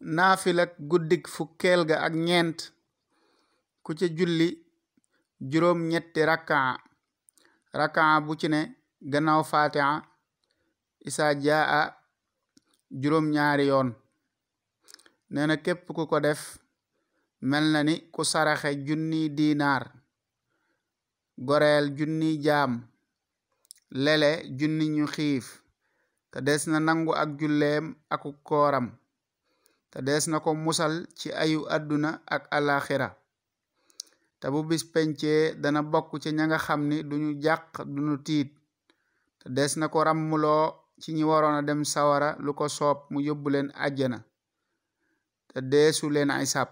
naafila guddig fukkeel ga ak ñeent ku ca julli juróom ñetti rakkaa rakkaa bu ci ne gannaaw fatiha isaa jaa juróom ñaari yoon nee na képp ku ko def mel na ni ku saraxe junni dinaar goreel junni jaam lele junni ñu xiif te des na nangu ak julleem aku koram te dees na ko musal ci ayu àdduna ak alaxira te bu bis pencee dana bokk ci ña nga xam ni duñu jàq du duñu tiit te dees na ko ràmmuloo ci ñi waroon a dem sawara lu ko soob mu yóbbu leen àjjana te deesu leen ay sàpp